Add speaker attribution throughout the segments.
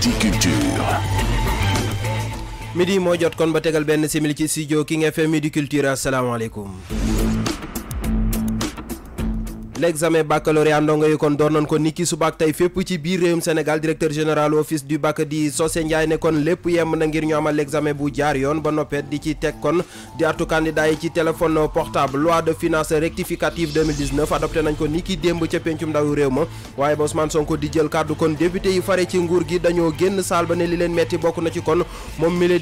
Speaker 1: Multiculture. moo jot kon ba tegal benn simili ci studio King FM Midi Culture asalaamaaleykum. l'examen baccalauréat ndongo yi kon ko niki suba ak tay fépp ci biir Sénégal directeur général office du bac di Socé Ndiaye ne kon les yemb na ngir ñu amal l'examen bu jaar yoon ba noppet di ci tek kon di artu candidat yi ci téléphone portable loi de finances rectificative 2019 adopté nañ ko niki demb ci pencum ndawu réew ma ba Ousmane Sonko di jël kàddu kon député yi faré ci nguur gi dañoo génn salle ba ne li leen metti bokku na ci kon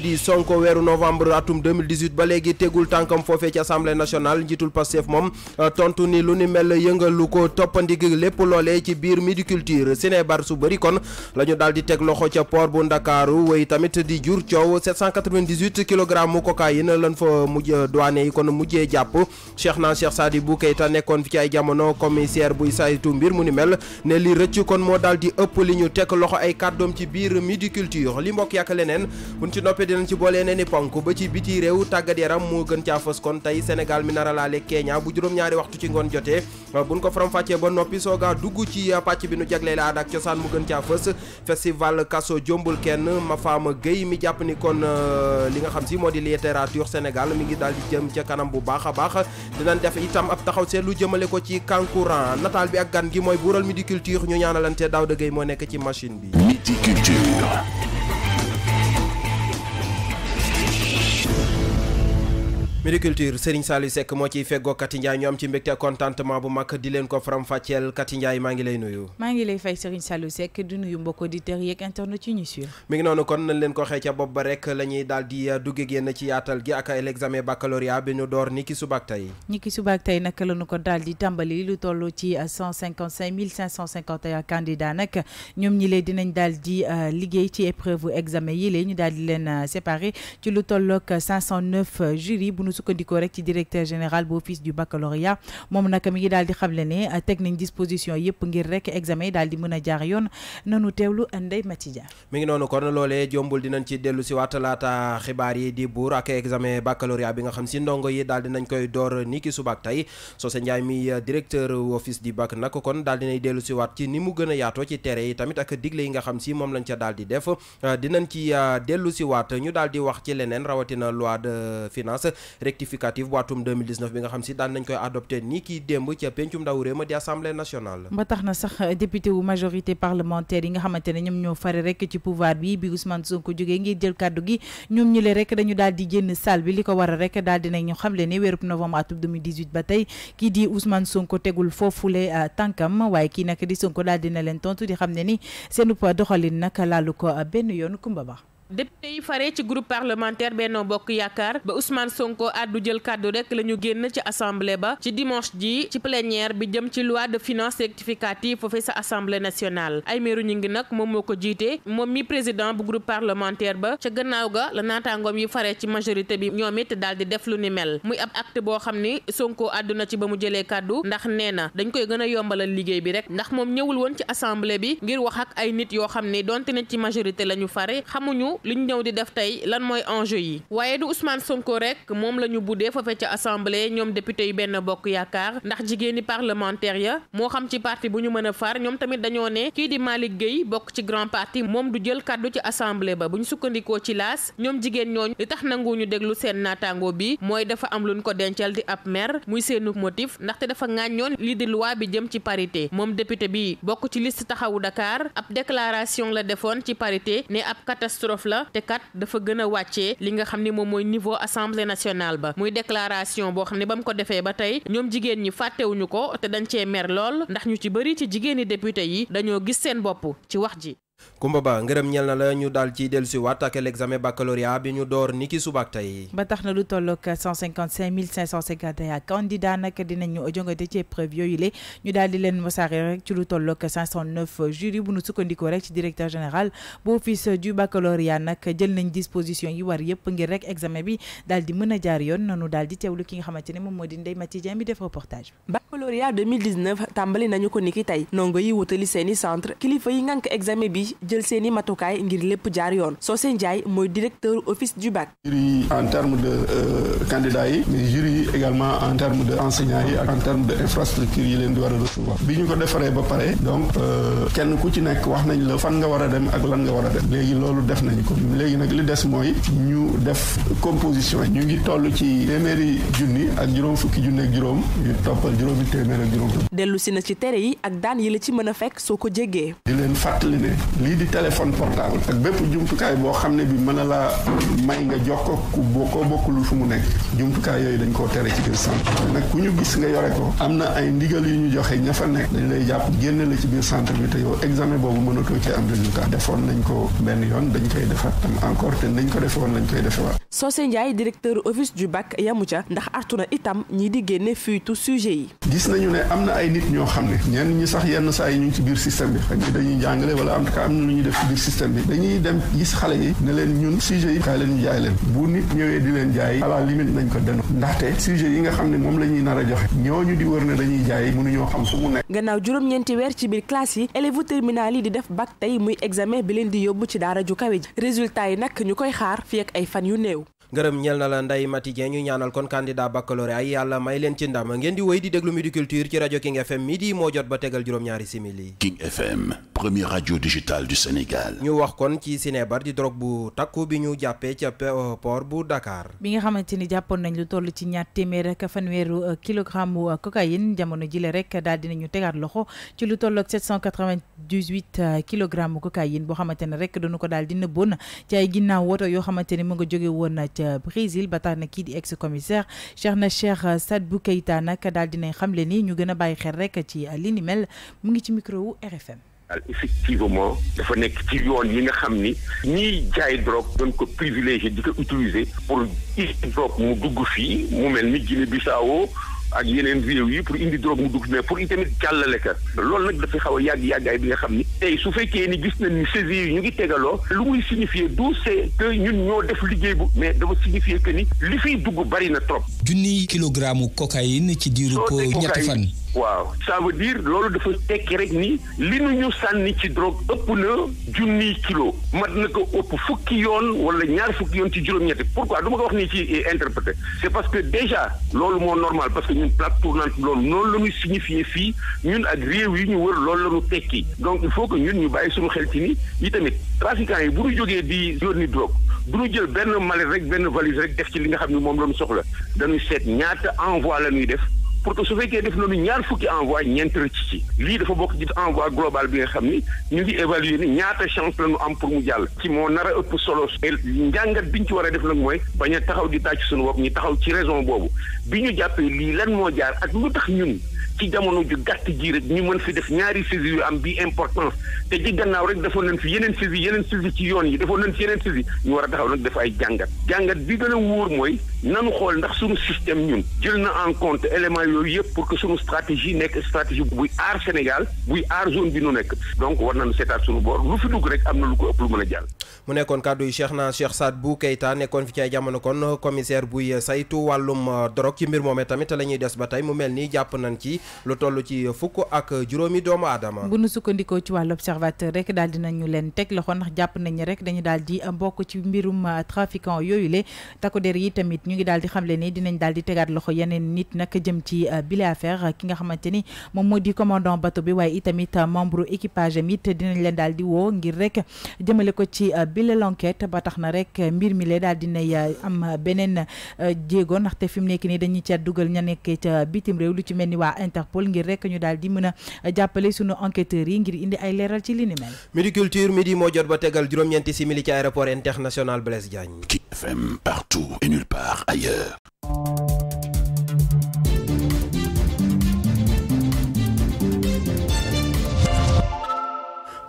Speaker 1: di Sonko wéru novembre atum 2018 ba légui tegul tankam fofé ci assemblée nationale njiitul Pastef mom euh, tontu ni lu mel lu ko toppandig lépp loole ci biir Midi Culture cinébar su bëri kon la ñu daal di teg loxo ca port bu Ndakaaru way tamit di jur coow 798 kilogramme mu cocaïne lan fa mujj douane yi kon mujjee jàpp Cheikh na Cheikh Sadibou Keita nekkoon fi ci ay jamono commissaire buy saytu mbir mu ni mel ne li rëcc kon moo daal di ëpp li ñu teg loxo ay kàddoom ci biir Midi Culture li mbokk yàq leneen buñ ci noppee dinañ ci boole ne ni ponk ba ci biti réew tàggat yaram moo gën kon tey Sénégal mi nar a laale Kenya bu juróom-ñaari waxtu ci ngoon jotee buñ ko faram faccé ba nopi soga dugg ci pacc bi nu jaglé la dak ciosan mu gën ci fess festival kasso jombul kenn ma fam geey mi japp ni kon euh, li nga xam ci modi littérature sénégal mi ngi dal di jëm ci kanam bu baaxa baax dinañ def itam ab taxaw sé lu jëmele ko ci kankuran natal bi ak gan gi moy bural midi culture ñu ñaanalante daw de geey mo nekk ci machine
Speaker 2: bi midi culture
Speaker 1: Mediculture Serigne Saliou Sek mo ci feggoo go Ndiaye ñu am ci mbégte contentement bu mak di leen ko faram faciel Kati Ndiaye maa ngi lay nuyu
Speaker 3: maa ngi lay fay Serigne Saliou Sek du nuyu mbokk auditeurs yeeg internet ci ñu suivre
Speaker 1: mi ngi nonu kon nañ leen ko xee ca ba rek lañuy daldi duggé di uh, ci yaatal gi ak l'examen baccalauréat bi ñu door ni ki subaak tey
Speaker 3: ni ki subaak tey nag la ko daldi tambali lu tollu ci 155 uh, candidat candidats ñom ñi lay dinañ daldi di uh, liggéey ci épreuve examen yi lée ñu daldi leen séparé ci lu tollook 509 jury nu rek ci directeur général bu office du baccalauréat moom nag mi ngi daal di xamle ne euh, teg disposition yëpp ngir rek examen yi daal di mën a jaar yoon nanu teewlu Ndeye Mathi Dia
Speaker 1: mi ngi noonu kon loolee jombul dinañ ci dellu si laata xibaar yi di ak examen baccalauréat bi nga xam si ndongo yi daal dinañ koy door ni ki suba ak tey Socé mi euh, directeur office du bac nag kon daal dinay dellu si waat ci ni mu gën a ci tere yi tamit ak digle yi nga xam si moom lañ ca daal def euh, dinañ ci dellu si ñu daal wax ci leneen rawatina loi de finance rectificative bu atum bi nga xam si daan nañ koy adopté ni kii démb ca pencum ndaw réew ma di assemblée nationale. ba
Speaker 3: tax na sax député wu majorité parlementaire yi nga xamante ne ñoom ñoo fare rek ci pouvoir bi bi Ousmane Sonko jógee ngir jël kàddu gi ñoom ñu le rek dañu daal di génn salle bi li ko waral rek daal di nañu xamle ne weerub novembre atum 2018 ba tey kii di Ousmane Sonko tegul foofu foofule euh, tànkam waaye kii nag di Sonko daal dina leen tontu di xam ne ni seen doxalin nag laalu ko euh, benn yoon kumba ba
Speaker 4: député yi fare ci groupe parlementaire Benno Bokk Yaakaar ba Ousmane Sonko àddu jël kàddu rek la ñu génn ci assemblée ba ci dimanche ji ci plénière bi jëm ci loi de finances rectificative foofee sa assemblée nationale Aymérou ngi nag moom moo ko jiite moom mi président bu groupe parlementaire ba ca gannaaw ga la naataangoom yi fare ci majorité bi ñoom it daal di def lu ni mel muy ab acte boo xam ni Sonko àddu na ci ba mu jëlee kàddu ndax nee na dañ koy gën a yombalal liggéey bi rek ndax moom ñëwul woon ci assemblée bi ngir wax ak ay nit yoo xam ni donte ne ci majorité la ñu fare xamuñu li ñu ñëw di def tey lan mooy enjeu yi waaye du Ousmane Sonko rek moom la ñu buddee foofee ca assemblée ñoom député yi benn bokk yaakaar ndax jigéeni parlementaire ya moo xam ci parti bu ñu mën a far ñoom tamit dañoo ne kii di Malick Gueye bokk ci grand parti moom du jël kàddu ci assemblée ba bu ñu sukkandikoo ci laas ñoom jigéen ñooñ li tax nangu ñu déglu seen naataango bi mooy dafa am luñ ko dencal di ab maire muy seenu motif ndaxte dafa ŋàññoon lii di loi bi jëm ci parité moom député bi bokk ci liste taxawu Dakar ab déclaration la defoon ci parité ne ab catastrophe la te kat dafa gën a wàccee li nga xam ni moom mooy niveau assemblée nationale ba muy déclaration boo xam ne ba mu ko defee ba tey ñoom jigéen ñi fàttewuñu ko te dañ cee mer lool ndax ñu ci bëri
Speaker 3: ci jigéeni député yi dañoo gis seen bopp ci wax ji
Speaker 1: Kumba Ba ngërëm ñel na la ñu ci dellu si waat l'examen baccalauréat bi ñu door ni ki tey
Speaker 3: ba tax na lu tolloog 155 551 candidat nag dinañu jongante di leen wasaare ci lu yi war yëpp ngir rek examen bi daal di a jaar yoon nanu daal di teewlu ki nga xamante ne moom moo di Ndeye Mathi bi def reportage baccalauréat tàmbali nañu ko ni
Speaker 2: tey ndongo yi wutali seeni centre kilifa yi ngànk examen bi yi jël seen i matukaay ngir lépp jaar yoon Socé Ndiaye mooy directeur office du bac.
Speaker 5: jury yi en terme de euh, candidats yi mais jury yi également en terme de enseignants yi ak en terme de infrastructure yi leen di war a recevoir bi ñu ko defaree ba pare donc euh, kenn ku ci nekk wax nañ la fan nga war a dem ak lan nga war a dem léegi loolu def nañ ko léegi nag li des mooy ñu def composition ñu ngi toll ci téeméeri junni ak juróom fukki junni ak juróom ñu toppal juróom.
Speaker 2: dellu si na ci
Speaker 5: lii di téléphone portable ak bépp jumtukaay boo xam ne bi mën a la may nga jox ko ku boo ko bokkul fu mu nekk jumtukaay yooyu dañ koo tere ci biir centre bi nag ku ñu gis nga yore ko am na ay ndigal yu ñu joxe ña fa dañ lay jàpp génn la ci biir centre bi te yow examen boobu mënatoo ci am résultat defoon nañ ko benn yoon dañ koy defaat tam encore te nañ ko defe woon lañ koy defewaat
Speaker 2: Socé Ndiaye directeur office du BAC yamu ca ndax artu na itam ñi di génne fuytu sujet yi
Speaker 5: gis nañu ne am na ay nit ñoo xam ne ñenn ñi sax yenn saa yi ñu ci biir système bi xëy na dañuy jàngale wala en tout am na lu ñu def ci biir système bi dañuy dem gis xale yi ne leen ñun sujet yi kaay leen ñu jaay leen bu nit ñëwee di leen jaay à la limite nañ ko dënn ndaxte sujet yi nga xam ne moom la ñuy nar a joxe ñooñu di wër ne dañuy jaay mu mënuñoo xam fu mu
Speaker 2: nekk gannaaw juróom-ñeenti weer ci biir classe yi élèves terminal yi di def bac tey muy examen bi leen di yóbbu ci daara ju kawe ji résultat yi nag ñu koy xaar fi ak ay fan yu néew
Speaker 1: ngërëm ñel na la Ndeye Maty ñu ñaanal kon candidat baccalauréat ay yàlla may leen ci ndam ngeen di wéy di déglu Midi Culture ci rajo King FM midi moo jot ba tegal juróom-ñaari simili. King FM première bi ñu jàppee euh,
Speaker 3: bi nga xamante ni jàppoon nañ lu toll ci ñaar téeméer ak fanweeru euh, kilogramme mu euh, cocaïne jamono jile rek daal dinañu tegaat loxo ci lu toll ak 798 kilogramme boo xamante rek dañu ko daal di ci ay ginnaaw woto yoo xamante mu nga jóge woon. ca Brésil ba ki di ex commissaire cherna cher Sadibou Keita nak dal dinañ xamle ni ñu gëna a xel rek ci li ni mel mu ngi ci micro RFM.
Speaker 6: effectivement dafa nek ci yoon yi nga xam ni ñiy jaay drogue ko privilégié di ko utiliser pour i drop mu dugg fi mu mel ni Guinée Bissau ak yeneen réew yi pour indi drogue mu dugg mais pour tamit jàllale ka loolu nag dafay xaw a yàgg yàggaay bi nga xam ni tey su fekkee ni gis nañ ni saisi yi ñu ngi tegaloo lu muy signifier du c'est que ñun ñoo def liggéey bu mais dafa signifier que ni li fiy dugg bari na trop junniy
Speaker 7: kilogramme cocaïne ci diiru ko ñetti fan
Speaker 6: waaw ça veut dire loolu dafa tekki rek ni li nu ñu sànni ci drogue ëpp na junniy kilo mat na ko ëpp fukki yoon wala ñaar fukki yoon ci juróom-ñetti pourquoi du ma ko wax ni ci euh, interprété c'est parce que déjà loolu moo normal parce que ñun plaque tournante loolu noonu la ñu signifié fii ñun ak réew yi ñu wër loolu la ñu tekki donc il faut que ñun ñu bàyyi suñu xel ci ni yi tamit trafiquants yi bu ñu jógee di yónni drogue du ñu jël benn malet rek benn valise rek def ci li nga xam ne moom la ñu soxla dañuy seet ñaata envoi la ñuy def pour que su fekkee def nañu ñaar fukki envoi ñeent rëcc ci lii dafa bokk ci envoi global bi nga xam ni ñu ngi évaluer ni ñaata chance la ñu am pour mu jàll. ci moo nar ëpp solo njàngat bi ñu ci war a def nag mooy bañ a taxaw di tàcc suñu bopp ñu taxaw ci raison boobu bi ñu jàppee lii lan moo jaar ak lu tax ñun. ci jamono ju gàtt jii rek ñu mën fi def ñaari saisie yu am bi importance te ci gannaaw rek defoon nañ fi yeneen saisie yeneen saisie ci yoon yi defoon nañ fi yeneen ñu war a taxaw nag def ay jàngat jàngat bi gën a wóor mooy nanu xool ndax suñu système ñun jël na en compte élément yooyu yëpp pour que suñu stratégie nekk stratégie buy aar Sénégal buy aar zone bi nu nekk donc war nañu seetaat suñu bor lu fi dugg rek am na lu ko ëpp lu mën a jàll.
Speaker 1: mu nekkoon kàddu yi Cheikh na Cheikh Sadibou Keita nekkoon fi ci ay jamono kon commissaire buy saytu wàllum euh, drogue ci mbir moomee tamit la ñuy des ba tey mu mel ni jàpp nañ ci lu toll ci fukk ak juróomi doomu aadama.
Speaker 3: bu nu sukkandikoo ci wàllu observateur rek daal di ñu leen teg loxo ndax jàpp nañ rek dañu daal di euh, bokk ci mbirum euh, trafiquant yooyu le takku der yi tamit ñu ngi daal di xamle ni dinañ daal di tegaat loxo yeneen nit nag jëm ci euh, bile affaire ki nga xamante ni moom moo di commandant bateau bi waaye itamit euh, membre équipage am it dinañ leen daal di woo ngir rek jëmale ko ci euh, bile l'enquête ba tax na rek mbir mi lee daal nay am beneen jéego ndaxte fi mu nekk nii dañuy ca dugal ña nekkee ca bitim réew lu ci mel ni waa Interpol ngir rek ñu daal di mën a jàppale sunu enquêteurs yi ngir indi ay leeral ci li ni mel.
Speaker 1: midi culture midi moo jot ba tegal juróom-ñeenti simili ci aéroport international Blaise FM partout et nulle part ailleurs.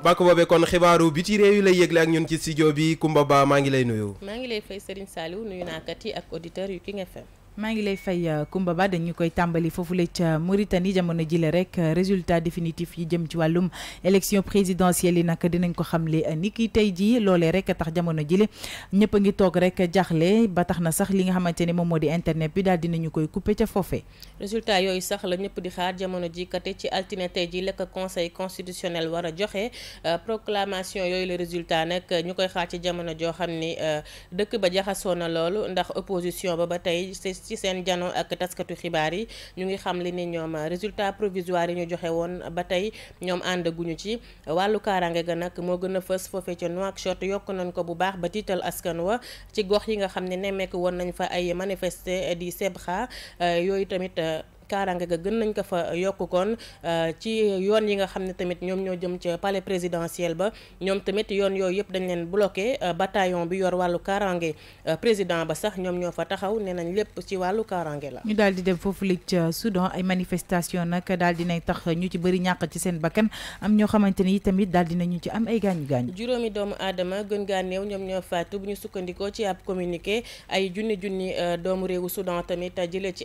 Speaker 1: bàkk boobee kon xibaaru bi ci réew yi lay yëgle ak ñun ci studio bi Kumba Ba ma ngi lay nuyu.
Speaker 4: ma ngi lay fay Serigne nuyu ak yu King FM.
Speaker 3: maa ngi lay fay Koumba euh, Ba dañu koy tàmbali foofule ca Mauritanie jamono jile rek euh, résultat définitif yi jëm ci wàllum élection présidentielle yi dinañ ko xamle euh, ni ki tey jii loolee rek tax jamono jile ñëpp a ngi toog rek jaaxle ba tax na sax li nga xamante ne moom moo di internet bi daal dinañu koy couper ca foofe
Speaker 4: résultat yooyu la ñëpp di xaar jamono ji kate ci altine tey ji lekk conseil constitutionnel war a joxe proclamation yooyu la résultat nag ñu koy xaar ci jamono joo xam ni dëkk ba jaxasoo na loolu ndax opposition ba ba tey ci seen jano ak taskatu xibaar yi ñu ngi xam li ni ñoom résultat provisoire yi ñu joxe woon ba tey ñoom ànd guñu ci wàllu kaaraange ga nag moo gën a fës foofee ca Nouakchott yokk nañ ko bu baax ba tiital askan wa ci gox yi nga xam ne nemmeeku woon nañ fa ay manifester di xa yooyu tamit kaaraange ga gën nañ ko fa yokk kon euh, ci yoon yi nga xam ne tamit ñoom ñoo jëm ca palais présidentiel ba ñoom tamit yoon yooyu yëpp dañ leen bloqué euh, bataillon bi yor wàllu kaaraange euh, président ba sax ñoom ñoo fa taxaw ne nañ lépp ci wàllu kaaraange la. ñu
Speaker 3: daal di dem foofu léegi ca Soudan ay manifestation nag daal di nay tax ñu ci bëri ñàkk ci seen bakkan am ñoo xamante ni tamit daal di nañu ci am ay gaañu gaañu.
Speaker 4: juróomi doomu aadama gën gaa néew ñoom ñoo faatu bu ñu sukkandikoo ci ab communiqué ay junni junni doomu réewu Soudan tamit jëlee ci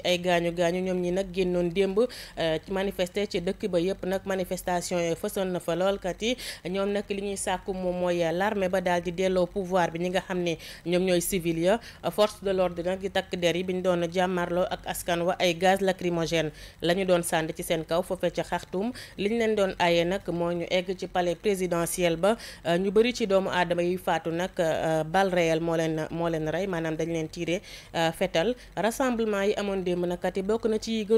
Speaker 4: génnoon démb euh, manifester ci dëkk ba yëpp nag manifestation yooyu fësoon na fa lool yi ñoom nag li ñuy sàkku moom mooy l'armée ba daal di delloo pouvoir bi ñi nga xam ne ñoom ñooy civil ya force de l'ordre nag di takk der yi bi ñu doon jàmmarloo ak askan wa ay gaz lacrymogène la ñu doon sànd ci seen kaw foofee ca xaxtum li ñu leen doon aaye nag moo ñu egg ci pale présidentiel ba euh, ñu bëri ci doomu aadama yi faatu nag euh, bal réel moo leen moo leen rey maanaam dañ leen tiire fetal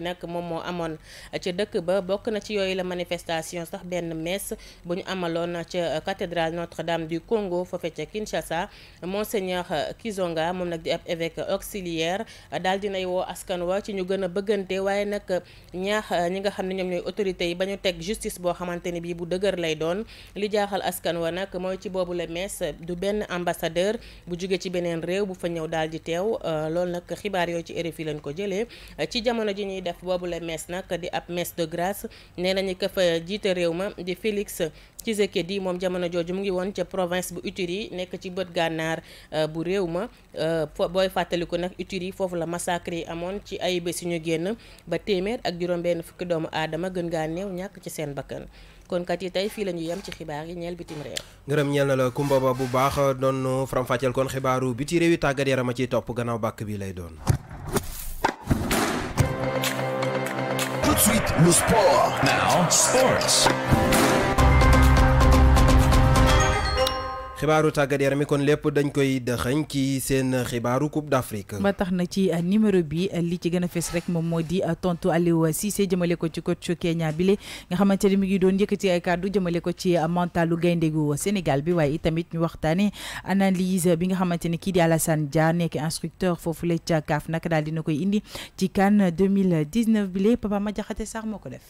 Speaker 4: yi nag moom moo amoon ca dëkk ba bokk na ci yooyu la manifestation sax benn messe bu ñu amaloon ca cathédrale Notre-Dame du Congo foofe ca Kinshasa monseigneur Kizonga moom nag di ab évêque auxiliaire daal dinay woo askan wa ci ñu gën a bëggante waaye nag ñaax ñi nga xam ne ñoom ñooy autorités yi ba ñu teg justice boo xamante ni bii bu dëgër lay doon lijaaxal jaaxal askan wa nag mooy ci boobu la messe du benn ambassadeur bu jóge ci beneen réew bu fa ñëw daal di teew loolu nag xibaar yooyu ci RFI lañ ko jëlee def boobu la messe nag di ab mess de grâce nee nañu ka fa jiite réew ma di Félix Tshisekedi moom jamono jooju mu ngi woon ca province bu Ituri nekk ci bët gànnaar euh, bu réew ma euh, booy fàttaliku nag Ituri foofu la massacre yi amoon ci ay bés ñu génn ba téeméer ak juróom-benn fukki doomu aadama gën gaa néew ñàkk ci seen bakkan. kon kat yi tey fii la ñu yem ci xibaar yi ñeel bitim réew.
Speaker 1: ngërëm ñeel na la Kumba ba bu baax doon faram-fàcceel kon xibaaru biti réew yi tàggat yaram a ciy topp gannaaw bàkk bi lay doon.
Speaker 8: Sweet, de suite, le sport. Now, sports.
Speaker 1: xibaaru tàggat yaram i kon lépp dañ koy dëxëñ ci seen xibaaru coupe d'Afrique. ba
Speaker 3: tax na ci euh, numéro bi euh, li ci gën a fes rek moom moo di euh, tontu Aliou Cissé jëmale ko ci coach Kenya bile nga xamante ni mu ngi doon yëkkati ay kàddu jëmale ko ci mentalu gaynde gu Sénégal bi waaye itamit ñu waxtaanee analyse bi nga xamante ni kii di Alassane Dia nekk instructeur foofu la ca CAF nag daal dina koy indi ci CAN bi bile Papa ma jaxate sax moo ko def.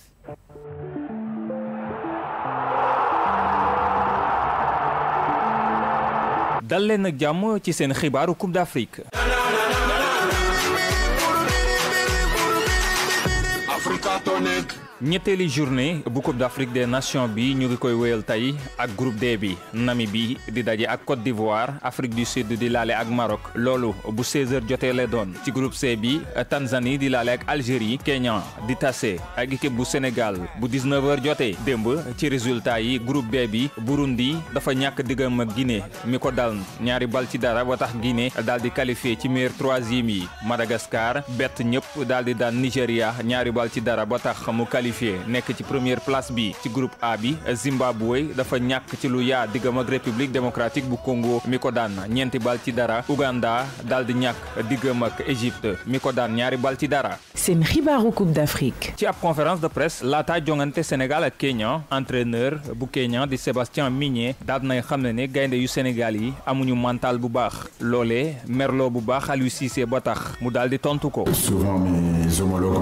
Speaker 7: dal leen ak jàmm ci seen xibaaru Coupe d'Afrique.
Speaker 6: Africa Tonic.
Speaker 7: ñetteeli journée bu Coupe d'Afrique des Nations bi ñu ngi koy wéyal tey ak groupe D bi Namibie di ak Côte d'Ivoire Afrique du Sud di laale ak Maroc loolu bu 16h jotee lay ci groupe C bi Tanzanie di laale ak Algérie Kenya di tase ak équipe bu Sénégal bu 19h jotee démb ci résultat yi groupe B bi Burundi dafa ñàkk digam ak Guinée mi ko dal ñaari bal ci dara ba tax Guinée dal di qualifier ci meilleur troisième yi Madagascar Bet ñëpp dal di daan nigeria ñaari bal ci dara ba tax mu qualifié nekk ci première place bi ci groupe A bi Zimbabwe dafa ñak ci lu yaa ak république démocratique bu Congo mi ko daan ñeenti bal ci dara Uganda dal di ñak ak Égypte mi ko daan ñaari bal ci dara.
Speaker 3: seen xibaaru coupe d'Afrique.
Speaker 7: ci ab conférence de presse la ta jongante Sénégal ak Kenya entraîneur bu Kenya di Sébastien Migné dal nay xamné ne gaynde yu Sénégal yi amuñu mental bu baax lolé merlo bu baax Aliou Cissé ba tax mu dal di tontu ko. souvent mes homologues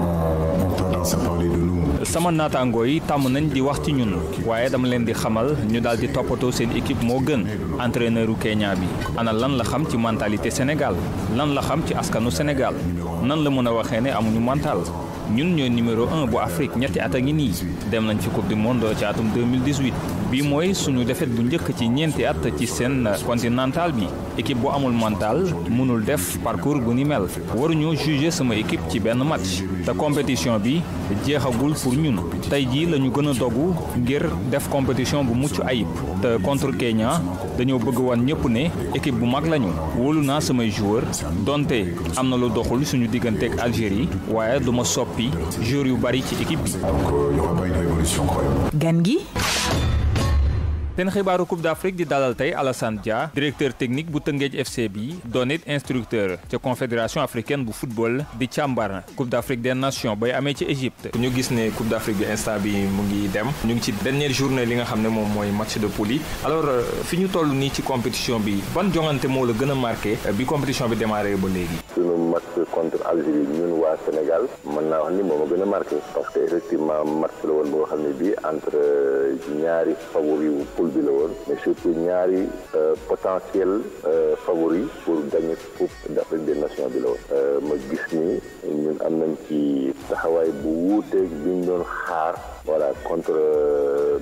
Speaker 7: sama naataangoo yi tàmm nañ di wax ci ñun waaye dama leen di xamal ñu daal di toppatoo seen équipe moo gën entraîneur u Kenya bi ana lan la xam ci mentalité Sénégal lan la xam ci askanu Sénégal nan la mën a waxee ne amuñu mental ñun ñoo numéro 1 bu Afrique ñetti at a ngi nii dem nañ ci coupe du monde ci atum 2018 bi mooy suñu défaite bu njëkk ci ñeenti at ci seen continental bi équipe bu amul mental mënul def parcours bu ni mel waruñoo juger sama équipe ci benn match te compétition bi jeexagul pour ñun tey jii lañu ñu gën a dogu ngir def compétition bu mucc ayib te contre Kenya dañoo bëgg wan ñëpp ne équipe bu mag lañu wóolu naa samay joueur donte am na lu doxul suñu digganteeg Algérie waaye duma sopp noppi joueur yu bari ci équipe bi. donc il y aura pas une révolution croyable. gan gi. seen xibaaru coupe d'Afrique di dalal tey Alassane Dia directeur technique bu Tëngéej FC bi doon it instructeur ca confédération africaine bu football di càmbar coupe d'Afrique des nations bay amee ci Égypte. ñu gis ne coupe d'Afrique bi instant bi mu ngi dem ñu ngi ci dernière journée li nga xam ne moom match de poule yi alors euh, fi ñu toll nii ci compétition bi ban jongante moo la gën a marqué bi compétition bi démarré ba léegi.
Speaker 9: suñu match contre Algérie ñun waa Sénégal mën naa wax ni moom a gën a marqué parce que effectivement match la woon boo xam ne bii entre euh, ñaari favori wu double bi la woon mais surtout ñaari euh, potentiel euh, favori pour gagner coupe d'Afrique des nations bi la woon euh, ma gis ni ñun am nañ ci taxawaay bu wuuteeg bi ñu doon xaar voilà contre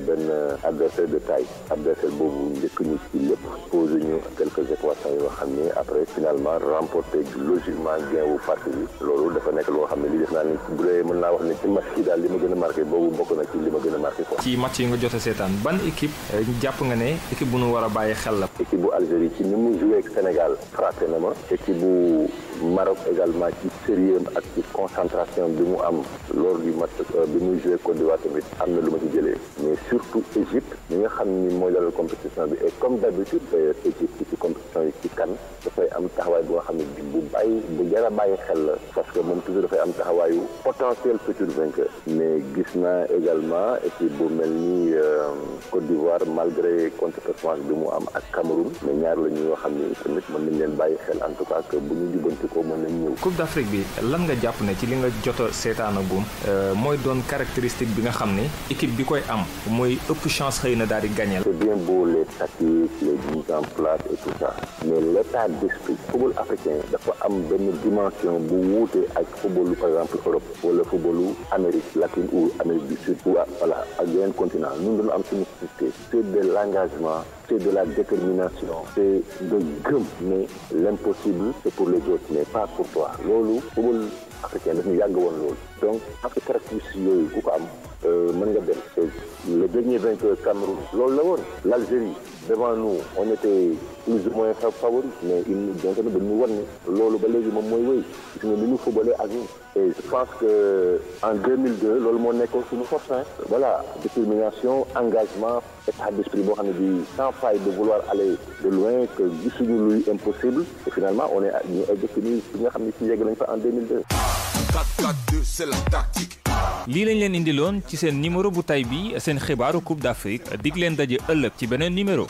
Speaker 9: benn adversaire de taille adversaire boobu njëkk ñu ci lépp posé ñu quelques équations yoo xam ni après finalement remporté logiquement gain wu parti loolu dafa nekk loo xam ne li def naa ni bu dee mën naa wax ne ci match yi daal li ma gën a marqué boobu bokk na ci li ma gën a marqué quoi.
Speaker 7: ci match yi a jàpp nga ne équipe bu nu war a bàyyi xel la. équipe bu Algérie ci ni mu joué ak Sénégal
Speaker 9: frappé na ma. équipe bu Maroc également ci sérieux ak ci concentration bi mu am lors du match euh, bi muy joué Côte d'Ivoire tamit am na lu ma ci jëlee mais surtout Égypte ñi nga xam ni mooy dalal compétition bi et comme d'habitude d'ailleurs Égypte ci compétition yi ci kan dafay am taxawaay bu nga xam ne bu bàyyi bu jar a bàyyi xel la parce que moom toujours dafay am taxawaayu potentiel futur vainqueur mais gis naa également équipe bu mel ni euh, Côte d'Ivoire malgré contre-performance bi mu am ak Cameroun mais ñaar la ñu yoo xam ne mën nañ leen bàyyi xel en tout cas que bu ñu ko mën nañ ñëw.
Speaker 7: Coupe d'Afrique bi lan nga jàpp ne ci li nga jot a seetaanagum euh, mooy doon caractéristique bi nga xam ne équipe bi koy am mooy ëpp chance xëy na daal di gagné.
Speaker 9: c'est bien beau les tactiques les mises en place et tout ça mais l'état d'esprit football africain dafa am benn dimension bu wuute ak footballu par exemple Europe wala footballu Amérique c'est de l'engagement, c'est de la détermination, c'est de grimper l'impossible c'est pour les autres mais pas pour toi donc ak caractéristiques yooyu ku ko am mën nga dem le dernier vainqueur Cameroun loolu la woon l'Algérie devant nous on était plus ou moins favoris mais ils nous ont donné ñu wan ne loolu ba léegi moom mooy wéy gis nga ni ñu footballé ak et je pense que en 2002 loolu moo nekkoon suñu force hein voilà détermination engagement état d'esprit boo xam ne sans faille de vouloir aller de loin que gisuñu luy impossible et finalement on est ñu egg ci nii nga xam ne yegg nañ fa en 2002
Speaker 6: la
Speaker 7: lii lañ leen indiloon ci seen numéro bu tay bi seen xibaaru Coupe d'Afrique dig leen daje ëllëg ci beneen numéro.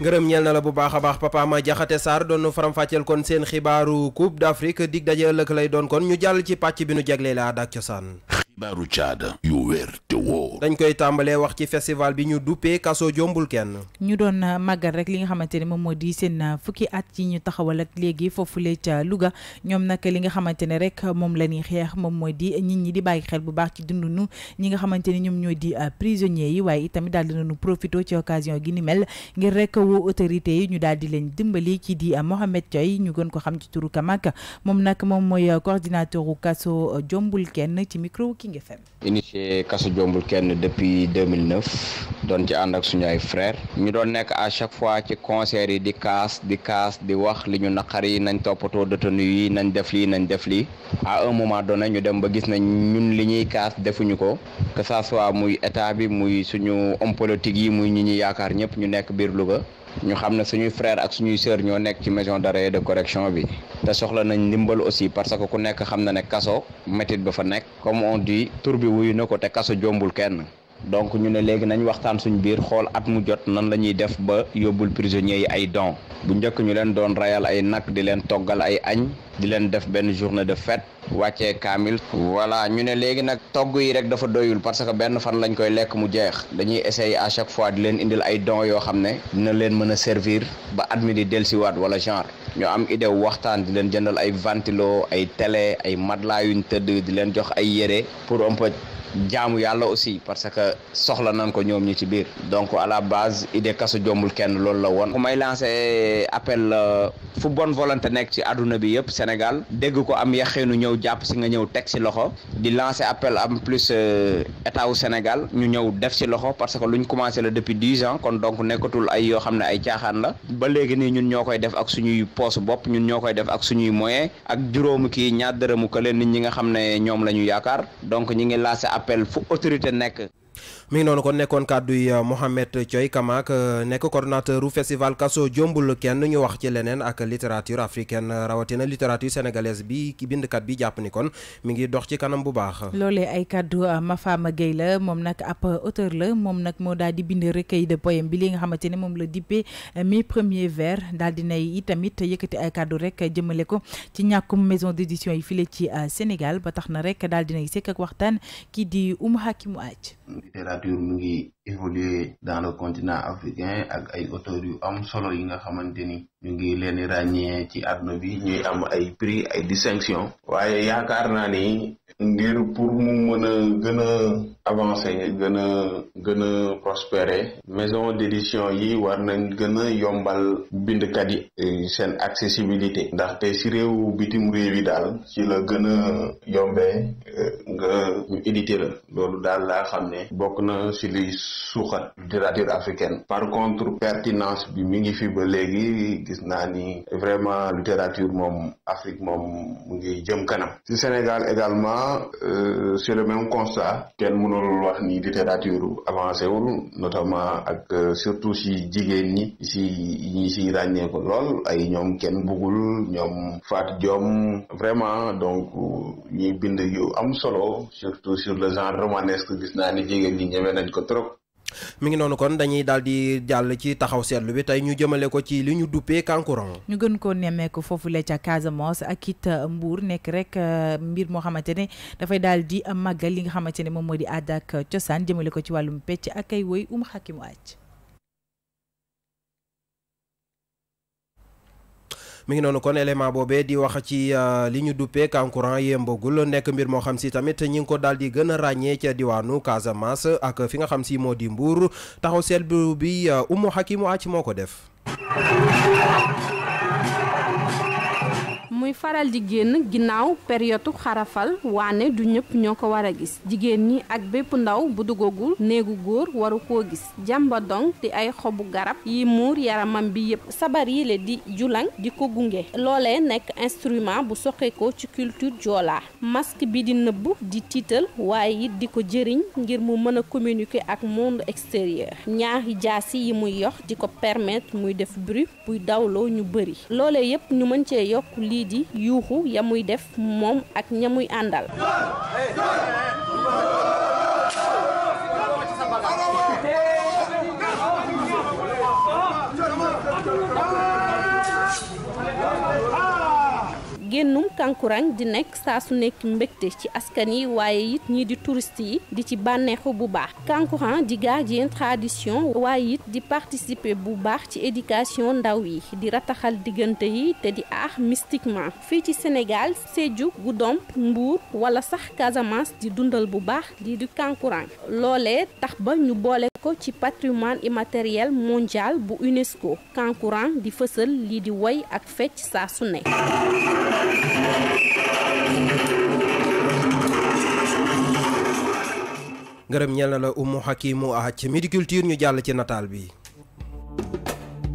Speaker 1: ngërëm ñeel na la bu baax a baax papa ma jaxate Sarr doon nu fàcceel kon seen xibaaru Coupe d'Afrique dig daje ëllëg lay doon kon ñu jàll ci pàcc bi nu jagleel aada ak cosaan. xibaaru caada yu wér te wóor dañ koy tàmbalee wax ci festival bi ñu duppee kaso jombul
Speaker 4: kenn
Speaker 3: ñu doon euh, màggal rek li nga xamante ne moom moo di seen euh, fukki at yi ñu taxawal ak léegi foofule ca Louga ñoom nag li nga xamante ne rek moom la ñuy xeex moom mooy di nit ñi di bàyyi xel bu baax ci dundunu ñi nga xamante ne ñoom ñoo di euh, prisonniers yi waaye itamit daal dinañu profité ci occasion gi ni mel ngir rek woo autorités yi ñu daal di leen dimbali kii di Mohamed Thioy ñu gën ko xam ci turu Kamak moom nag moom mooy coordinateur u kaso jombul kenn ci micro King FM.
Speaker 10: initié kasu jombul kenn depuis 2009 doon ci ànd ak suñu ay frères ñu doon nekk à chaque fois ci concert yi di kaas di kaas di wax li ñu naqar yi nañ toppatoo détenu yi nañ def lii nañ def lii à un moment donné ñu dem ba gis nañ ñun li ñuy kaas defuñu ko que ça soit muy état bi muy suñu homme politique yi muy ñi ñuy yaakaar ñëpp ñu nekk biir Louga. ñu xam ne suñuy frère ak suñuy sœur ñoo nekk ci maison d'arrêt de correction bi te soxla nañ ndimbal aussi parce que ku nekk xam na ne kaso métit ba fa nekk comme on dit tur bi wuyu na ko te kaso jombul kenn donc ñu ne léegi nañ waxtaan suñ biir xool at mu jot nan la ñuy def ba yóbbul prisonniers yi ay don bu njëkk ñu leen doon reyal ay nag di leen toggal ay añ di leen def benn journée de fête wàccee kaamil wala ñu ne léegi nag togg yi rek dafa doyul parce que benn fan lañ koy lekk mu jeex dañuy essayer à chaque fois di leen indil ay don yoo xam ne dina leen mën a servir ba at mi di delsiwaat wala genre ñu am idée waxtaan di leen jëndal ay ventilo ay télé ay matelas yuñ tëdd di leen jox ay yére pour un jaamu yàlla aussi parce que soxla nañ ko ñoom ñi ci biir donc à la base idée kaso jombul kenn loolu la woon ku may lancé appel euh, fu bonne nekk ci àdduna bi yëpp Sénégal dégg ko am yaxeenu ñëw jàpp si nga ñëw teg si loxo di lancé appel en plus euh, état wu Sénégal ñu ñëw def si loxo parce que luñ commencé la depuis dix ans kon donc nekkatul ay yoo xam ne ay caaxaan la ba léegi nii ñun ñoo koy def ak suñuy poosu bopp ñun ñoo koy def ak suñuy moyen ak juróomu kii ñaar dërëmu kële nit ñi nga xam ne ñoom la ñu yaakaar appel fu autorité nekk
Speaker 1: mi ngi noonu kon nekkoon kàddu yi euh, Mouhamed Thioy Kamaak euh, nekk coordonnateur u festival Kaso jombul kenn ñu wax ci leneen ak littérature africaine euh, rawatina littérature sénégalaise bi ki bindkat bi jàpp ni kon mu ngi dox ci kanam bu baax.
Speaker 3: loolee ay kàddu Mafama Gueye la moom nag ab auteur la moom nag moo daal di bind recueil de poème bi li nga xamante ne moom la dippee mes premiers vers daal di nay itamit yëkkati ay kàddu rek jëmale ko ci ñàkkum maison d' édition yi file ci Sénégal ba tax na rek daal di nay sekk waxtaan kii di Oumou Hakim Aaj
Speaker 11: littérature mu ngi évoluer dans le continent africain ak ay auteurs yu am solo yi nga xamante ni ñu ngi leen ràññee ci àdduna bi ñuy am ay prix ay distinction waaye yaakaar naa ngir pour mu mën a gën a avancer gën a gën a prospérer maison d'édition yi war nañ gën a yombal bindkat yi eh, seen accessibilité ndaxte si réew bitim réew yi daal ci la gën a yombee eh, nga ñu éditer la loolu daal laa xam ne bokk na si li suuxat littérature africaine par contre pertinence bi mi ngi fi ba léegi gis naa ni vraiment littérature moom Afrique moom mu ngi jëm kanam si Sénégal également vraiment euh, c'est le même constat kenn mënul wax ni littérature avancé wul notamment ak euh, surtout si jigéen ñi si ñi si lool ay ñoom kenn bugul ñoom Fatou Diom vraiment donc ñuy bind yu am solo surtout sur le genre romanesque gis naa ni jigéen ñi ñeme nañ ko trop
Speaker 1: mi ngi noonu kon dañuy daal di jàll ci taxaw seetlu bi tey ñu jëmale ko ci li ñu duppee kankuran
Speaker 3: ñu gën koo nemmeeku foofu la ca Casamance ak it euh, Mbour nekk rek euh, mbir moo xamante ne dafay daal di màggal li nga xamante ne moom moo di aada ak cosaan jëmale ko ci wàllum pecc ak ay woy um mu àcc
Speaker 1: mu ngi noonu kon élément boobee di wax ci euh, li ñu duppee kankurang yembagul nekk mbir moo xam si tamit ñi ngi ko daal di gën a ràññee ca diwaanu Casamance ak fi nga xam si moo di Mbour taxaw seetlu bi euh, Umu Hakimu Acc moo ko def.
Speaker 12: muy faral di génn ginnaaw période xarafal waane du ñëpp ñoo ko war a gis jigéen ñi ak bépp ndaw bu dugagul néegu góor waru koo gis jàmba dong te ay xobu garab yi muur yaramam bi yépp sabar yile di julang di ko gunge loolee nekk instrument bu soqekoo ci culture joola masque bi di nëbb di tiital waaye it di ko jëriñ ngir mu mën a communiquer ak monde extérieur ñaari jaasi yi muy yox di ko permettre muy def bruit buy dawloo ñu bëri loolee yépp ñu mën cee yokk lii di yuuxu ya muy def moom ak ñamuy àndal génnum kankurang di nekk saa su nekk mbégte ci askan yi waaye it ñii di touriste yi di ci bànneexu bu baax kankurang di gardien tradition waaye it di participer bu baax ci éducation ndaw yi di rataxal diggante yi te di aax mystiquement fii ci Sénégal Sédhiou Goudomp Mbour wala sax Casamance di dundal bu baax di di kankurang loolee tax ba ñu boole ko ci patrimoine immatériel mondial bu UNESCO courant di feussel li di woy ak fecc sa su ne
Speaker 1: ngërëm ñel na la Umu Hakimu a ci midi culture ñu jall ci natal bi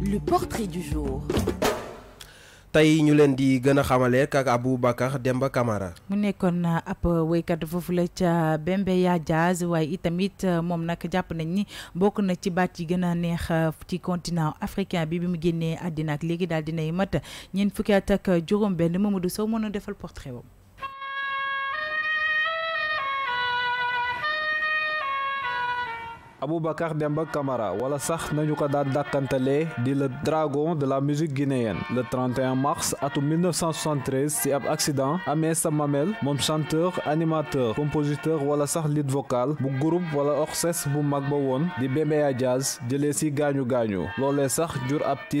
Speaker 3: le portrait du jour
Speaker 1: tey ñu leen di gën a xamale ak Aboubacar Demba Camara.
Speaker 3: mu nekkoon uh, ab woykat foofu la ca Bembeya Jazz waaye itamit uh, moom nag jàpp nañ ni bokk na ci baat yi gën a neex uh, ci continent africain bi bi mu génnee àddina ak léegi daal dinay mat ñeent fukki at ak juróom-benn Mamadou Sow mën a defal portrait wam
Speaker 8: Aboubacar Demba Camara wala sax nañu ko daan di le dragon de la musique guinéenne le 31 mars tout 1973 c'est un accident amé sa mamel mon chanteur animateur compositeur wala sax lead vocal bu groupe wala orchestre bu mag ba di Jazz jëlee si gañu gañu. Lolé sax jur ab bu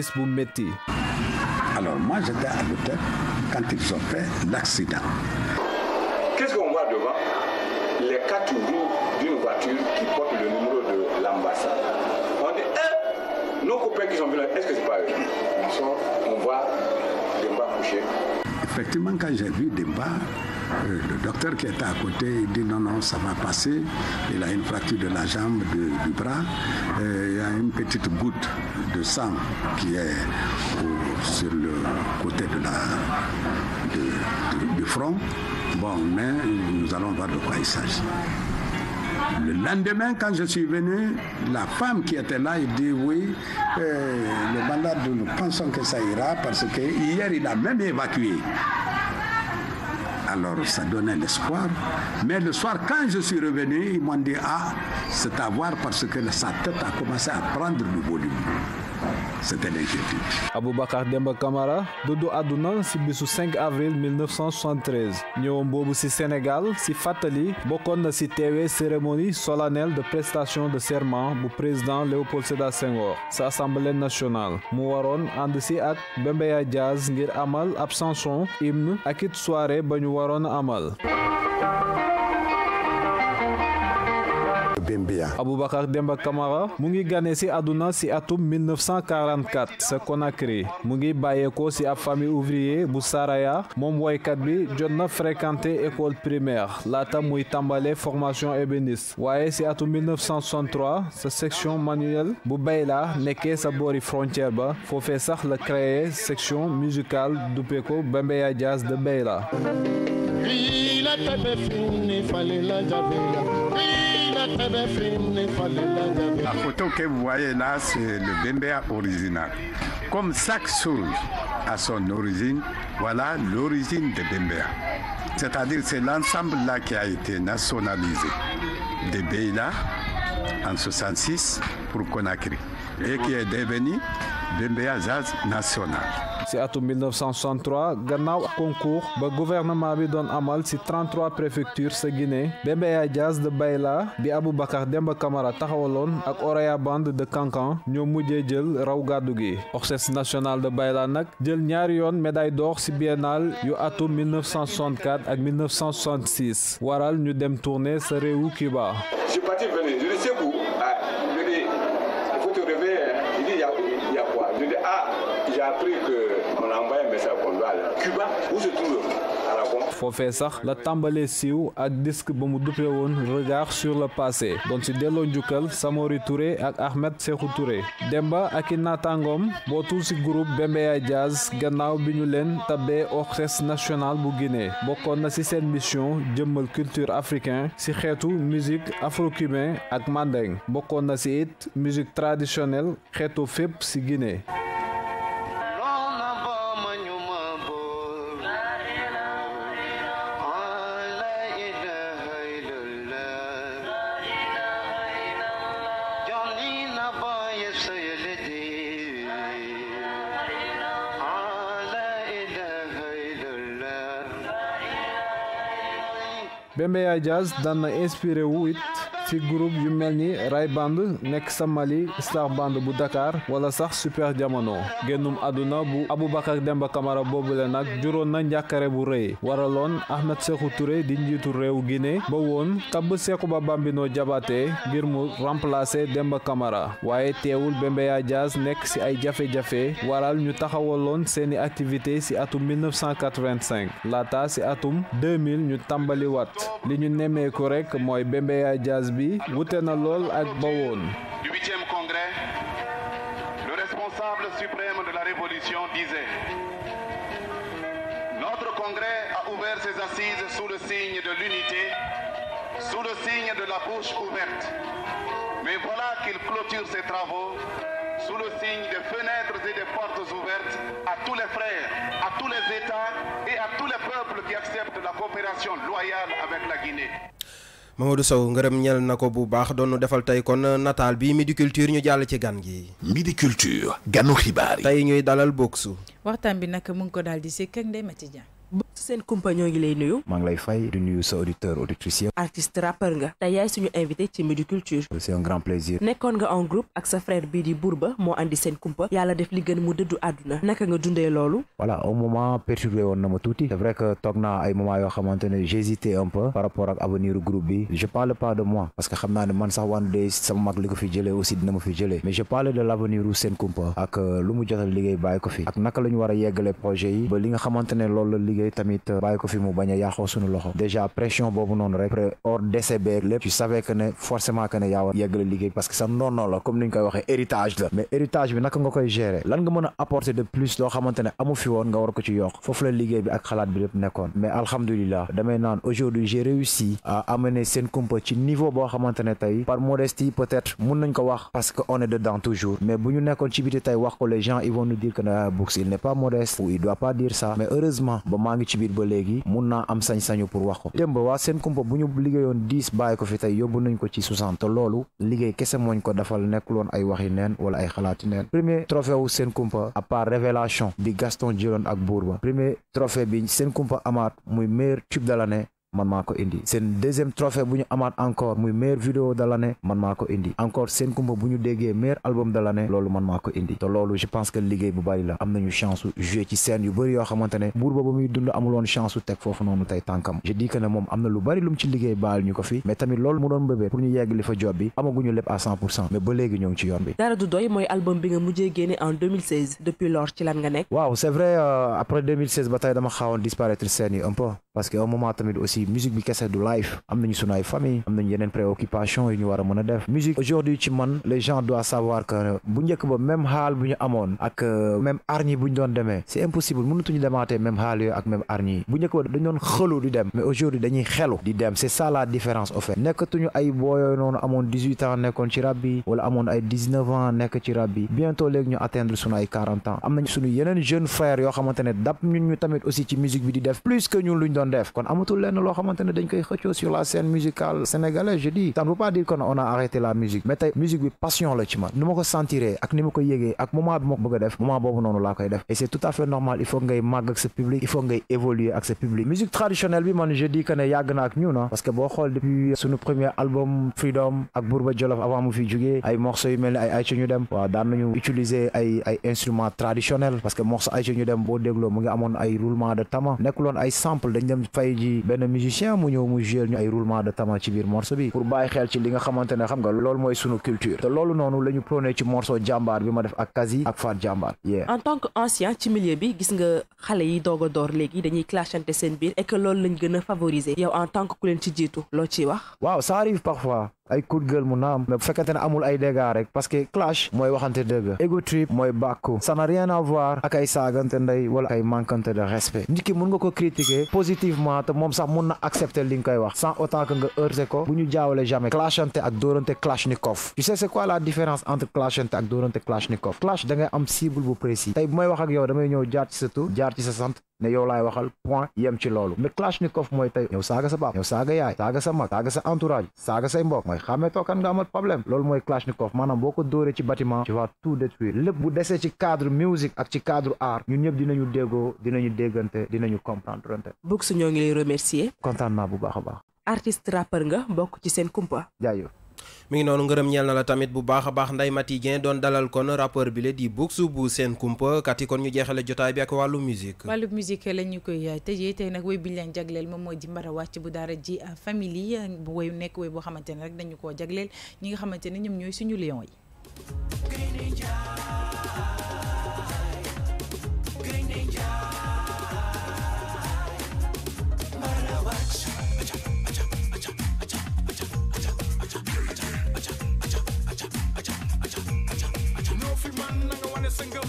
Speaker 8: Alors moi j'étais à l'hôtel quand ils ont fait l'accident.
Speaker 6: Qu'est-ce qu'on voit devant? Les quatre roues d'une voiture qui porte le nom. On
Speaker 10: Effectivement, quand j'ai vu Demba, euh, le docteur qui était à côté dit non, non, ça va passer. Il a une fracture de la jambe, du bras. Euh, il y a une petite goutte de sang qui est sur le côté de la, du front. Bon, mais nous allons voir de quoi il s'agit. Le lendemain, quand je suis venu, la femme qui était là, il dit oui, euh, le mandat nous pensons que ça ira parce que hier il a même évacué. Alors ça donnait l'espoir. Mais le soir, quand je suis
Speaker 8: revenu, ils m'ont dit, ah, c'est à voir parce que sa tête a commencé à prendre du volume c'était Aboubacar Demba Camara dëddu àdduna si bisu 5 avril 1973 ñëwam boobu Sénégal si Fatali, Bokon na si teewee cérémonie solennelle de prestation de serment du président Léopold Sédar Senghor Sa assemblée nationale mu waroon ànd si ak Bembeya Jazz ngir amal ab chanson hymne ak it soirée ba ñu waroon amal abu bakar Demba Kamara Mungi Ganesi gane ci aduna ci atum 1944 qu'on a créé. ngi Bayeko ci à famille ouvrier bu Saraya moom John bi fréquenté école primaire Lata Mouy tambalé formation ébéniste Waye ci atum 1963 sa section manuelle bu Bayla Sabori sa frontière ba foofee sax créé section musicale du Peko Bembeya Jazz de Bayla la photo que vous voyez là, c'est le
Speaker 10: Bembea original. Comme chaque chose a son origine, voilà l'origine de Bembea. C'est-à-dire c'est l'ensemble là qui a été nationalisé.
Speaker 8: De Beila en 66 pour Conakry et qui est devenu Bembea Jazz National si atum 1963 gannaaw concours ba gouvernement bi doon amal si 33 préfectures sa Guinée Bébé Ajaz de Bayla bi Aboubacar Demba Kamara taxawaloon ak Oraya de Kankan ñoo mujjee jël raw gàddu orchestre national de Bayla nak jël ñaari yoon médaille d'or si biennal yu atum 1964 ak 1966 waral ñu dem tourner sa réewu Cuba fofé sax la tambalé siw ak disque bu mu regard sur le passé donc ci delloo njukkal Samori Touré ak Ahmed Sékou Touré Demba ak natangom bo tout ci groupe Bembeya Jazz gannaaw biñu Tabé, tabé orchestre national bu Guinée Pour na ci mission jëmmal culture africain ci xétu musique afro-cubain ak mandeng Pour na ci it musique traditionnelle xétu fep ci Guinée jaaz daan na inspiré wu it ci groupe yu mel ni Ray Band nekk sa Mali Star Band bu Dakar wala sax Super Jamono génnum àdduna bu Aboubacar Demba Camara boobule nag juróon na njàkkare bu rëy waraloon Ahmed Sékou Touré di njiitu réew Guinée ba woon tabb Sékouba Bambino Diabaté ngir mu remplacer Demba Camara waaye teewul Bembeya Jazz nekk si ay jafe-jafe waral ñu taxawaloon seeni activité si atum 1985 laata ci atum 2000 ñu tàmbaliwaat li ñu nemmeeku rek mooy Bembeya Jazz Du 8e
Speaker 6: congrès
Speaker 5: le responsable suprême de la révolution disait notre congrès a ouvert ses assises sous le signe de l'unité sous le signe de la bouche ouverte mais voilà qu'il clôture ses travaux sous le signe des fenêtres et des portes ouvertes à tous les frères, à tous les États
Speaker 1: et à tous les peuples qui acceptent la coopération loyale avec la Guinée. Mamadou Sow ngërëm ñel na ko bu baax doon defal tey kon nataal bi Midi Culture ñu jàll ci gan gi. Midi
Speaker 13: Culture ganu xibaar yi. tey ñuy dalal boksu
Speaker 3: waxtaan bi nag mu ngi ko daal di sekk ak Ndeye Mati Dia sen compagnon yi lay nuyu.
Speaker 13: ma ngi lay fay di nuyu sa auditeur auditrice
Speaker 3: artiste rappeur nga.
Speaker 2: te
Speaker 13: yaay suñu invité ci Midi Culture. c'est un grand plaisir.
Speaker 2: nekkoon nga en groupe ak sa frère bi di Bourba moo andi sen kumpa. yàlla def li gën mu dëddu àdduna. naka nga dundee loolu.
Speaker 13: voilà au moment perturbé woon na ma tuuti. c'est vrai que toog naa ay moment yoo xamante ne j'hésitais un peu. par rapport ak avenir groupe bi. je parle pas de moi. parce que xam naa ne man sax One Day sama mag li ko fi jëlee aussi dina ma fi jëlee. mais je parle de l'avenir u sen kumpa. ak euh, lu mu jotal liggéey bàyyi ko fi. ak naka la ñu war a yeggalee projet yi. ba li nga xamante ne loolu la tamit eh, bàyyi ko fi mu baña a yàqoo loxo déjà pression bobu non rek hors décès beeg tu savais que ne forcément que ne yaa war yeggale parce que sa non la comme ni koy waxe héritage la mais héritage bi naka nga koy gérer lan nga mën apporter de plus loo xamante amu fi won nga war ko ci yokk foofu la liggéey bi ak xalaat bi lépp mais alhamdoulillah damay nan aujourd'hui j'ai réussi à amener sen kumpa ci niveau bo xamante tay par modestie peut-être mën nañ ko wax parce que on est dedans toujours mais buñu nekkon ci biti tay wax ko les gens ils vont nous dire que euh, Bouks il n'est pas modeste ou il doit pas dire ça mais heureusement maa ngi ci biir ba léegi mun naa am sañ-sañu pour wax ko démb waa seen kumpa bu ñu liggéeyoon dix bàyyi ko fi tey yóbbu nañ ko ci soixante te loolu liggéey kese mooñ ko dafal nekkuloon ay waxi neen wala ay xalaati neen premier trophée wu seen kumpa à part révélation bi Gaston jëloon ak buur ba premier trophée bi seen kumpa amaat muy meilleur tube de l'année man mako indi sen deuxième trophée buñu ñu amaat encore muy meilleure vidéo de l'année man mako indi encore sen kumpa buñu ñu meilleur album de l'année loolu man mako indi te loolu je pense que ligue bu bari la am nañu chance jouer ci scène yu bari yo xamantene bour buur boobu muy dund amuloon chance tek fofu nonu tay tankam tànkam je dis que ne mom amna lu bari lu ci liggéey baal ñuko fi mais tamit loolu mu doon bébé, pour ñu yegg li fa job bi amaguñu lepp à 100 pour cent mais ba légui ñong ci yoon bi.
Speaker 2: dara du doy moy album bi nga mujjé génné en 2016 depuis lors ci lan nga nek
Speaker 13: waaw c'est vrai euh, après 2016 ba tey dama xaawoon disparaître scène yi un peu parce que au moment tamit aussi musique bi kese du live amnañu nañu sunu ay famille am nañu préoccupation yu ñu wara mëna def musique aujourd'hui ci man les gens doivent savoir que bu njëkk ba même hal bu ñu amoon ak euh, même arñi buñ doon démé c'est impossible tuñu dématé même hal yooyu ak même arñi bu njëkk ba dañu doon xëlu du dem mais aujourd'hui dañuy xelu di dem c'est ça la différence au fait tuñu ay boyo non amone 18 ans nekkon ci rabbi wala amone ay 19 ans nek ci rabbi bientôt léegi ñu atteindre sunu ay 40 ans amnañu nañ sunu yeneen jeune frère yo xamantene dap ñun ñu tamit aussi ci musique bi di def plus que ñun luñ doon def kon amatul lenn loo xamante ne dañ koy xëccoo sur la scène musicale sénégalaise je dis ça ne veut pas dire qu'on a arrêté la musique mais tey musique bi passion la ci man ni ma ko sentiré ak ni ma ko yégué ak moment bi ma bëgg def moment bobu nonu la koy def et c'est tout à fait normal il faut ngay mag ak sa public il faut ngay évoluer ak ce public musique traditionnelle bi man je dis que né yàgg na ak ñu ah. parce que bo xol depuis suñu premier album Freedom ak Bourba Jolof avant mu fi juggé ay morceaux yu mel ay ay ñu dem wa daan nañu utiliser ay ay instruments traditionnels parce que morceaux ay ci ñu dem bo dégloo mu ngi amoon ay roulement de tama nekkuloon ay sample dañ dem fay ji benn musicien mu ñëw mu jël ñu ay roulement de tama ci bir morceau bi pour bàyyi xel ci li nga xamantene xam nga lool moy sunu culture te loolu nonu lañu ñu ci morceau jambar bi ma def ak Kazi ak Faat jambar yeah en
Speaker 2: tant que ancien ci milieu bi gis nga xalé yi dogo dor légui dañuy clashante seen bir et que loolu lañ gëna favoriser yow en tant que ku leen ci jitu lo ci wax
Speaker 13: waaw ça arrive parfois ay coup de gueule mu naam mais bu fekkente ne amul ay dégâts rek parce que clash mooy waxante dëgg ego trip mooy bàkku ça n'a rien à voir ak ay saagante ndey wala ay manquante de respect nit ki mun nga ko critiquer positivement te moom sax mun na accepter li ngui wax sans autant que nga heurter ko buñu ñu jamais clashante ak dóorante clashnikov tu sais c'est quoi la différence entre clashante ak dóorante clashnikov clash da ngay am cible bu précis tay bu may wax ak yow damay ñew jaar ci sa tur jaar ci sa sant ne yow lay waxal point yem ci lolu mais clashnikov moy tay yow saga sa baab yow saga yaay saga sa mag saga sa entourage saga say mbok moy mooy to kan nga amal problème lolu moy clashnikov manam boko doré ci bâtiment tu vas tout détruire lepp bu déssé ci cadre musique ak ci cadre art ñun ñëpp dinañu déggoo dinañu déggante dinañu comprendre. Bux ñoo ngi lay remercier kontaan bu baax a baax.
Speaker 2: artiste rappeur nga bokk ci seen kumpa.
Speaker 1: mu ngi noonu ngërëm ñeel na la tamit bu baax a baax Ndeye Maty Dieng doon dalal kon rappeur bi la di Bouks bu seen kumpa kat kon ñu jeexale jotaay bi ak wàllu musique
Speaker 3: wàllu musique la koy uh, tëjee tey nag woy bi ñu leen jagleel moom mooy di mbara wàcc bu daara ji uh, famille uh, bu woy nekk woy boo xamante ne rek dañu ko jagleel ñi nga xamante ne ñoom ñooy suñu lion yi
Speaker 2: sa ngëm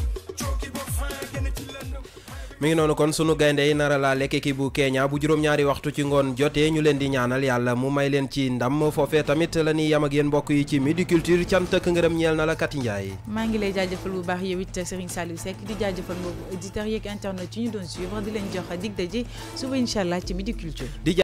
Speaker 1: ngi noonu kon sunu gaynde yi nara laa lekk équipe bu Kenya bu juróom-ñaari waxtu ci ngoon jotee ñu leen di ñaanal yàlla mu may leen ci ndam foofee tamit la ñuy yam ak yéen mbokk yi ci Midi Culture cant ak ngërëm ñeel na la Kati yi
Speaker 3: maa ngi lay jaajëfal bu baax yow it Serigne Saliou Seck di jaajëfal mbokku auditeurs yeeg internet yi ñu doon suivre di leen jox dig daje suba incha ci Midi Culture.